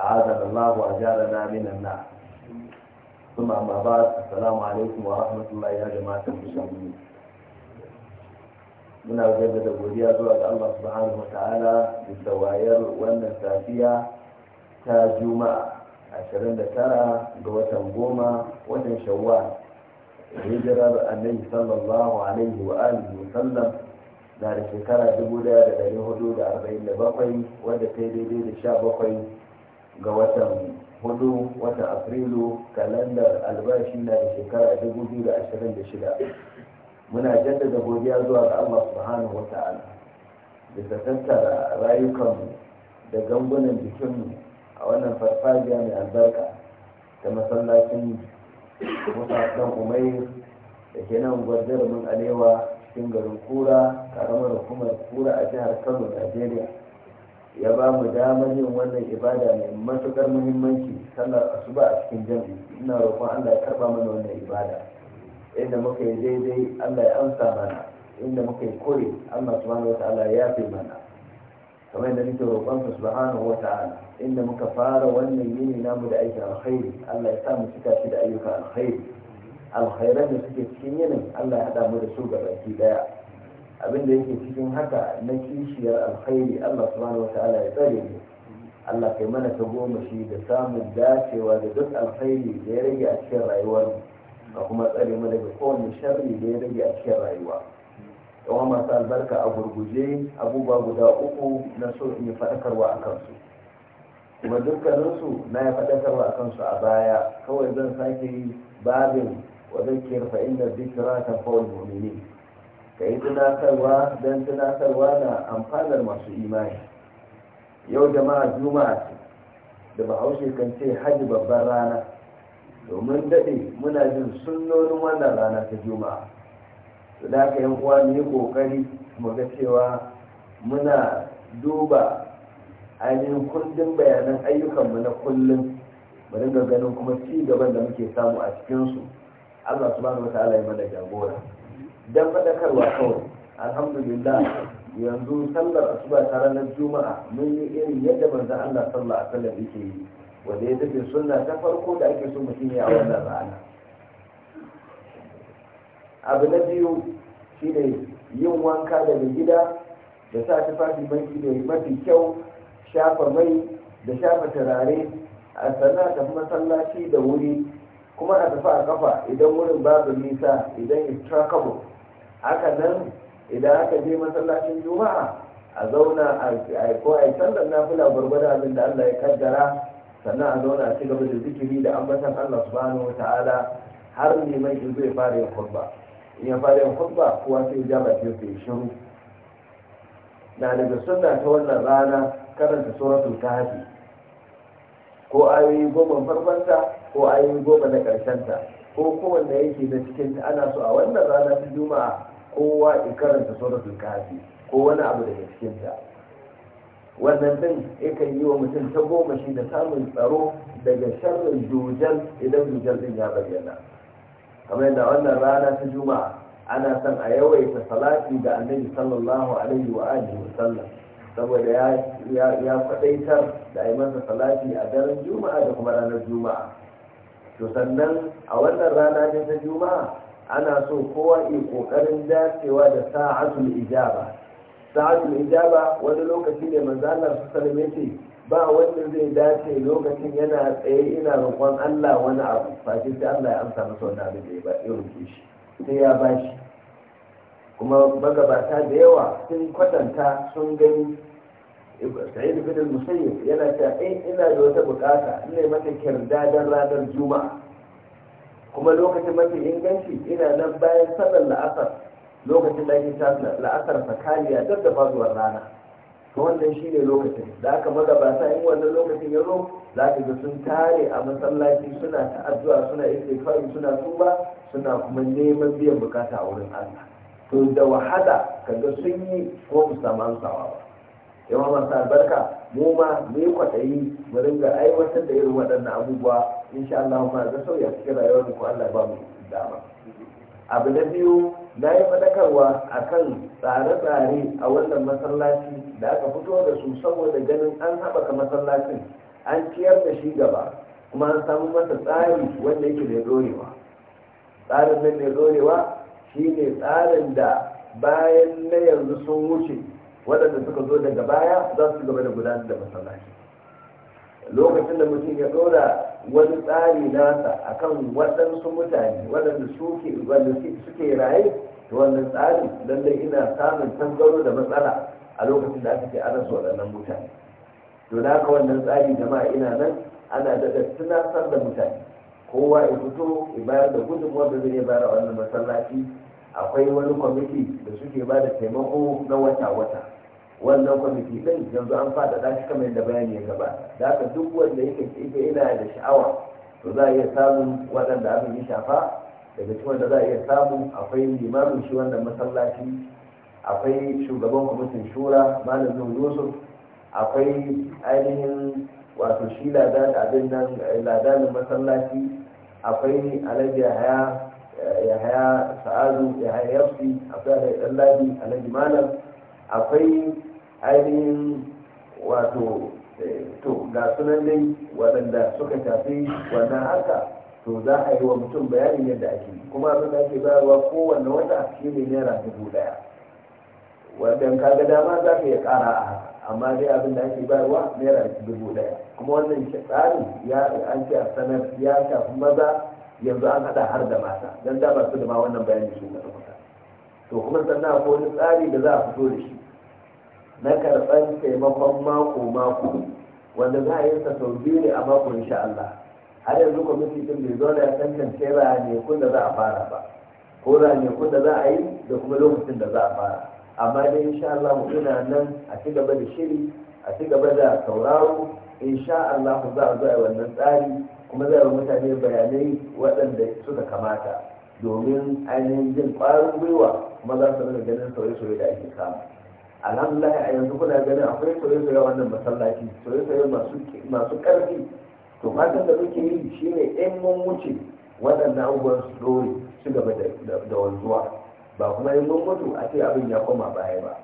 أعاذنا الله وأجارنا من النار ثم أما بعد السلام عليكم ورحمة الله يا جماعة المسلمين muna da godiya zuwa ga Allah subhanahu wataala wayar wannan safiya ta juma'a 29 ga watan goma watan shawwal hijirar annabi sallallahu alaihi wa alihi wa sallam na da shekara 1447 wadda kai daidai da 17 ga watan hudu watan afrilu kalandar albashi na da shekara 2026 muna jaddada godiya zuwa ga allah subhanahu wa ta'ala bisa rayukanmu da gangunan jikinmu a wannan farfajiya mai albarka ta masallacin musa dan umair da ke nan gwajar mun alewa cikin garin kura karamar hukumar kura a jihar kano najeriya ya ba mu damar yin wannan ibada mai matukar muhimmanci sallar asuba a cikin jami'i ina roƙon Allah ya karba mana wannan ibada inda muka yi daidai Allah ya amsa mana inda muka yi kore Allah subhanahu wataala ya fi mana kamar yadda nake roƙon sa subhanahu wataala inda muka fara wannan yini namu da aikin alkhairi Allah ya sa mu cika shi da ayyukan alkhairi alkhairan da suke cikin yinin Allah ya haɗa mu da su ga baki ɗaya abin da yake cikin haka na kishiyar alkhairi Allah subhanahu wata'ala ya tsare mu Allah kai mana ta goma shi da samun dacewa da duk alkhairi da ya rage a cikin rayuwar ka kuma tsare mu daga kowane sharri da ya rage a cikin rayuwa yawan masu albarka a gurguje abubuwa guda uku na so in yi faɗakarwa a kansu kuma dukkaninsu na ya faɗakarwa a kansu a baya kawai zan sake yi babin wa zakiyar fa'in da zikira ta fawon ka yi tunatarwa don tunatarwa na amfanar masu imani yau jama'a juma'a ce da bahaushe kan ce hajji babban rana domin daɗe muna jin sunnonin wannan rana ta juma'a su da aka yan uwa mu yi ƙoƙari mu ga cewa muna duba ainihin kundin bayanan ayyukanmu na kullum mu dinga ganin kuma ci gaban da muke samu a cikinsu allah subhanahu wa ta'ala ya mana jagora don faɗakarwa kawai alhamdulillah yanzu sallar asuba ta ranar juma'a mun yi irin yadda manzo Allah sallallahu alaihi wasallam yake yi wanda ya tafi sunna ta farko da ake so mutum ya a wannan rana abu na biyu shine yin wanka daga gida da sa tufafi banki da mafi kyau shafa mai da shafa turare a sannan tafi masallaci da wuri kuma a tafi a kafa idan wurin babu nisa idan it's trackable haka nan idan aka je masallacin juma'a a zauna a ko a yi sallar nafila gwargwada abin da Allah ya kaddara sannan a zauna a cigaba da zikiri da ambatan Allah subhanahu wa ta'ala har neman in zai fara yin khutba in ya fara yin khutba kowa sai ya ba ta ya shiru na daga sunna ta wannan rana karanta suratul kahfi ko ayoyi goma farkonta ko ayoyi goma na karshenta ko kowanne yake na cikin ta ana so a wannan rana ta juma'a kowa ya karanta suratul kafi ko wani abu daga cikin ta wannan din yakan yi wa mutum ta goma shi da samun tsaro daga sharrin dujal idan dujal din ya bayyana kamar yadda wannan rana ta juma'a ana son a yawaita salati da annabi sallallahu alaihi wa alihi wa saboda ya ya faɗaitar da a yi masa salati a daren juma'a da kuma ranar juma'a to sannan a wannan rana ne ta juma'a ana so kowa yi kokarin dacewa da sa'atul ijaba sa'atul ijaba wani lokaci ne manzalar su salme ce ba wanda zai dace lokacin yana tsaye ina roƙon Allah wani abu face sai Allah ya amsa masa wani abu da ba ya shi sai ya bashi kuma magabata da yawa sun kwatanta sun gani sa'id bin musayin yana ta in eh, ina da wata bukata ina mata dan ranar juma'a kuma lokacin mafi inganci ina nan bayan sallar la'asar lokacin da ake tasla la'asar sakaliya duk da fazuwar rana to wannan shine lokacin da aka ba magabata in wannan lokacin ya zo za ka ga sun tare a masallaci suna ta'addu'a suna istighfari suna tuba suna kuma neman biyan bukata a wurin Allah to da wahala kaga sun yi ko musamman sawa ba yawa masu albarka mu ma mu yi kwaɗayi mu ringa aiwatar da irin waɗannan abubuwa insha Allah ma ga sauya cikin rayuwar ku Allah ba mu dama abu na biyu na yi faɗakarwa a kan tsare-tsare a wannan masallaci da aka fito da su saboda ganin an haɓaka masallacin an ciyar da shi gaba kuma an samu masa tsari wanda yake da dorewa tsarin nan mai dorewa shine tsarin da bayan na yanzu sun wuce waɗanda suka zo daga baya za su gaba da gudanar da masallaci lokacin da mutum ya ɗora wani tsari nasa akan waɗansu mutane waɗanda suke raye da wannan tsari lallai ina samun tangaro da matsala a lokacin da aka ce an su waɗannan mutane to da wannan tsari jama'a ina nan ana daɗa tunasar da mutane kowa ya fito ya bayar da gudunmuwa da zai bayar a wannan masallaci akwai wani kwamiti da suke ba da taimako na wata-wata wannan kwamiti ɗin yanzu an faɗaɗa shi kamar yadda bayani ya gaba da haka duk wanda yake ita ina da sha'awa to za a iya samun waɗanda abin ya shafa daga cikin wanda za a iya samu akwai limamin shi wannan masallaci akwai shugaban kwamitin shura malam yusuf akwai ainihin wato shi ladana abin nan eh, ladanin masallaci akwai alaji yahaya eh, yahaya sa'adu yahaya yafsi akwai alhaji ɗanladi alaji malam akwai ainihin wato eh, to ga sunan dai waɗanda suka shafi wannan haka to za a yi wa mutum bayanin yadda ake kuma abin da ake bayarwa kowanne wata shi ne naira dubu ɗaya ka ga dama za ka iya ƙara a haka amma dai abin da ake bayarwa naira dubu ɗaya kuma wannan tsarin ya an ce a sanar ya shafi maza yanzu an haɗa har da mata don da ba su da ma wannan bayanin su na to kuma sannan akwai wani tsari da za a fito da shi na karɓar taimakon mako-mako wanda za a yi sa sau biyu ne a mako insha Allah har yanzu kwamiti din bai zo da ya tantance ranekun da za a fara ba ko ranekun da za a yi da kuma lokacin da za a fara amma dai insha Allah mu ina nan a ci gaba da shiri a ci gaba da sauraro insha Allah za a zo wannan tsari kuma zai wa mutane bayanai waɗanda suka kamata domin ainihin jin ƙwarin gwiwa kuma za su nuna ganin sauye-sauye da ake kama. alhamdulahi a yanzu kuna ganin akwai soye wannan masallaci soye-soye masu karfi to fatan da muke yi shine ɗan mun wuce waɗannan abubuwan su su gaba da wanzuwa ba kuma yin mun mutu a ce abin ya koma baya ba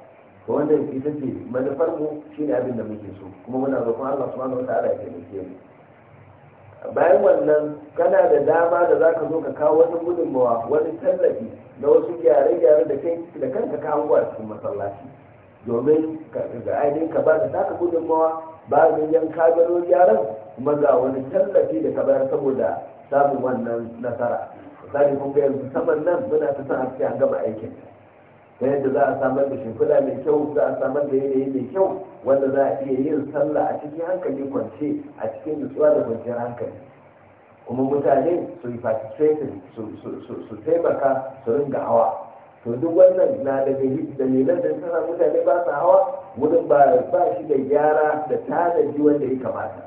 to yake ita ce manufar mu shine abin da muke so kuma muna roƙon Allah subhanahu wataala ya taimake mu bayan wannan kana da dama da zaka zo ka kawo wani gudunmawa wani tallafi na wasu gyare-gyare da kai da kanka kawo a cikin masallaci domin ga ainihin ka ba da taka mawa ba da yanka gano gyaran kuma ga wani tallafi da ka bayar saboda samun wannan nasara misali kun ga yanzu saman nan muna ta san haske an gama aikin ta yadda za a samar da shimfiɗa mai kyau za a samar da yanayi mai kyau wanda za a iya yin sallah a cikin hankali kwance a cikin nutsuwa da kwanciyar hankali kuma mutane su yi participating su taimaka su ringa hawa to duk wannan na daga dalilan da sana mutane ba su hawa wurin ba ba shi da gyara da tanaji wanda ya kamata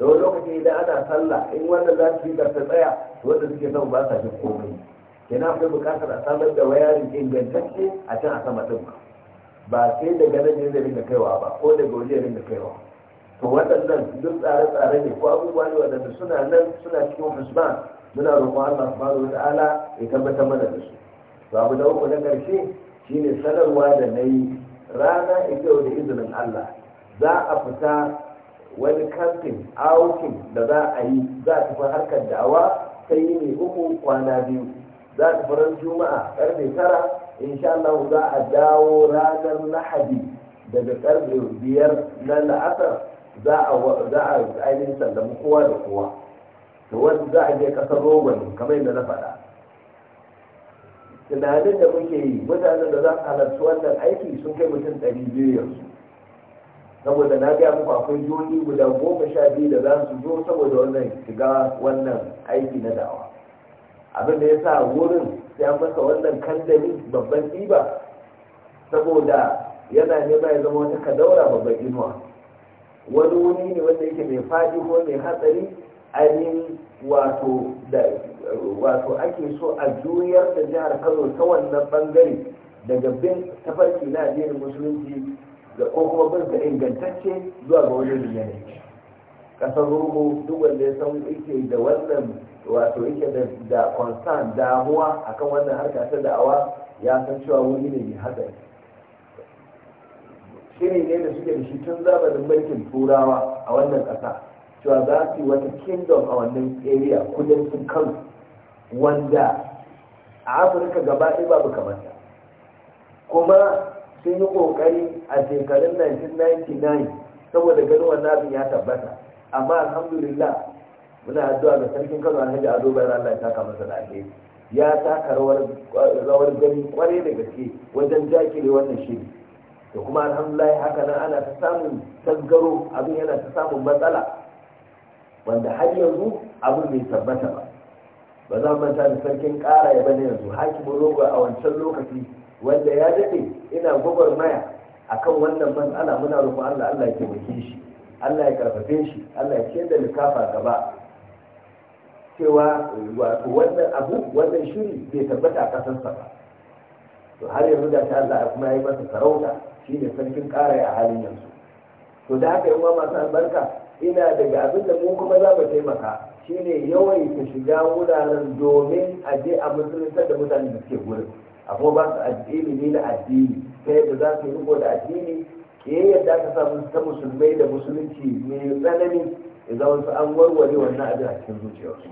da wani lokaci idan ana sallah in wanda za su yi ta tsaya to wanda suke son ba sa shi komai kenan akwai bukatar a samar da wayarin ingantacce a can a sama ɗin ba sai daga nan ne zai kaiwa ba ko daga waje rinka kaiwa to waɗannan duk tsare-tsare ne ko abubuwa ne waɗanda suna nan suna cikin husban muna roƙon Allah subhanahu wa ta'ala ya tabbatar mana da su babu da uku na ƙarshe shine sanarwa da na yi rana ita da izinin Allah za a fita wani kantin aukin da za a yi za a tafi harkar da'awa sai yi ne uku kwana biyu za a tafi ran juma'a karfe tara insha Allah za a dawo ranar lahadi daga karfe biyar na la'asar za a ainihin sallama kowa da kowa to wanda za a je kasar rogon kamar yadda na faɗa tunanin da muke yi mutanen da za a halarci wannan aiki sun kai mutum ɗari biyu yanzu saboda na gaya muku akwai joni guda goma sha biyu da za su zo saboda wannan shiga wannan aiki na dawa abin da ya sa wurin ya masa wannan kandami babban ɗiba saboda yana nema ya zama wata kadaura babban inuwa wani wuri ne wanda yake mai faɗi ko mai hatsari ainihin wato da wato ake so a juyar da jihar kano ta wannan bangare daga bin tafarki na addinin musulunci da ko kuma bin ingantacce zuwa ga wani yanayi kasar ruhu duk wanda ya san yake da wannan wato yake da da concern damuwa akan wannan harka ta da'awa ya san cewa wuri ne mai hatsari shiri ne da suke da shi tun zamanin mulkin turawa a wannan ƙasa cewa za su yi wata kingdom a wannan area kudancin kano wanda a afirka gaba ɗaya babu kamar ta kuma sun yi ƙoƙari a shekarun 1999 saboda ganin wannan abin ya tabbata amma alhamdulillah muna addu'a ga sarkin kano alhaji ado bayan allah ya saka masa ya taka rawar gani kwarai da gaske wajen jakile wannan shiri da kuma alhamdulillah haka nan ana ta samun tasgaro abin yana ta samun matsala wanda har yanzu abu bai tabbata ba ba za manta da sarkin ƙara ya bane yanzu hakimin rogo a wancan lokaci wanda ya daɗe ina gwagwarmaya akan wannan matsala muna roƙon Allah Allah ya taimake shi Allah ya karfafe shi Allah ya ce da likafa gaba cewa wato wannan abu wannan shiri bai tabbata a sa ba to har yanzu da ta Allah kuma yi masa sarauta shine sarkin ƙara ya halin yanzu to da haka yawa masu albarka ina daga abin da mu kuma za mu taimaka shine yawaita shiga wuraren domin a je a musulunta da mutane da suke gurin akwai ba su addini na addini ta yadda za su yi riko da addini ke yadda ka samu ta musulmai da musulunci mai tsanani ya zama su an warware wannan abin a cikin zuciyarsu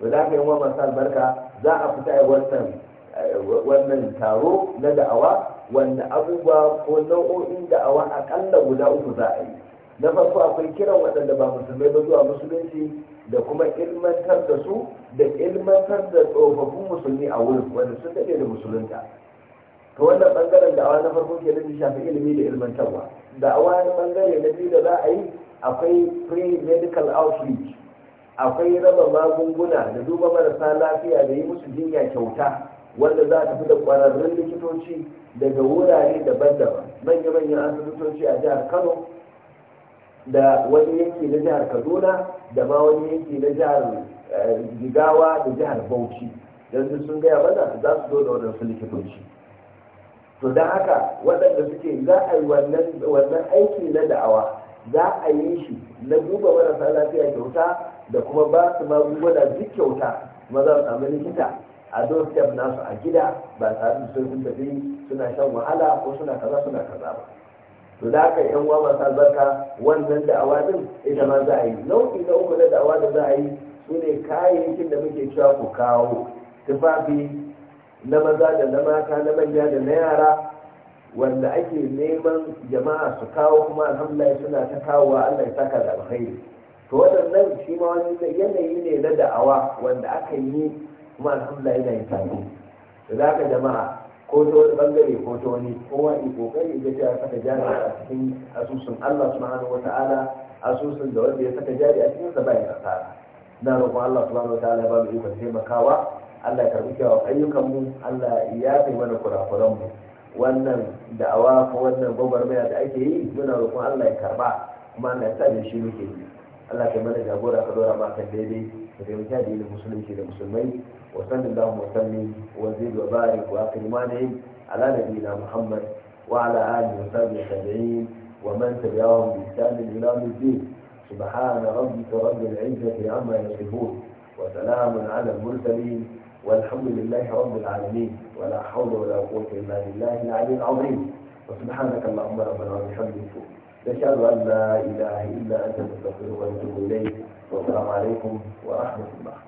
to za ka yi wa masu albarka za a fita a wannan wannan taro na da'awa wanda abubuwa ko nau'o'in da'awa akalla guda uku za a yi na farko akwai kiran waɗanda ba musulmai ba zuwa musulunci da kuma ilmantar da su da ilmantar da tsofaffin musulmi a wurin wanda sun daɗe da musulunta ta wannan ɓangaren da'awa na farko ke nufi shafi ilimi da ilmantarwa da'awa na ɓangare na biyu da za a yi akwai free medical outreach akwai raba magunguna da duba marasa lafiya da yi musu jinya kyauta wanda za a tafi da ƙwararrun likitoci daga wurare daban-daban manya-manyan asibitoci a jihar kano da wani yanki na jihar kaduna da ma wani yanki na jihar eh, jigawa da jihar bauchi yanzu sun gaya mana za su zo da waɗansu likitoci to don haka waɗanda suke za a yi wannan aiki na da'awa za a yi shi na duba marasa lafiya kyauta da kuma ba su magunguna duk kyauta kuma za su samu likita a don step nasu a gida ba tare da sun tafi suna shan wahala ko suna kaza suna kaza ba to da aka yan uwa masu albarka wannan da'awa din ita ma za a yi nau'i na uku na da'awa da za a yi su ne kayayyakin da muke cewa ku kawo tufafi na maza da na mata na manya da na yara wanda ake neman jama'a su kawo kuma alhamdulillah suna ta kawowa Allah ya saka da alkhairi to waɗannan shi ma wani yanayi ne na da'awa wanda aka yi kuma alhamdulillah yana yin tafi da za ka jama'a ko ta wani bangare ko ta wani kowa yi kokari da ta saka jari a cikin asusun Allah subhanahu wata'ala asusun da wanda ya saka jari a cikin sa bai kasara na roƙon Allah subhanahu wata'ala ya ba mu ikon taimakawa Allah ya karbi kyawun ayyukan mu Allah ya kai mana kurakuran mu wannan da'awa ko wannan gwagwarmaya da ake yi muna roƙon Allah ya karba kuma Allah ya sa da shi muke yi Allah ya mana jagora ka dora ma kan daidai da taimaka da musulunci da musulmai وسلم اللهم وسلم وزيد وبارك واخر ما على نبينا محمد وعلى اله وصحبه التابعين ومن تبعهم باحسان الى يوم الدين سبحان ربك رب العزه عما يصفون وسلام على المرسلين والحمد لله رب العالمين ولا حول ولا قوه الا بالله العلي العظيم وسبحانك اللهم ربنا وبحمدك نشهد ان لا اله الا انت نستغفرك ونتوب اليك والسلام عليكم ورحمه الله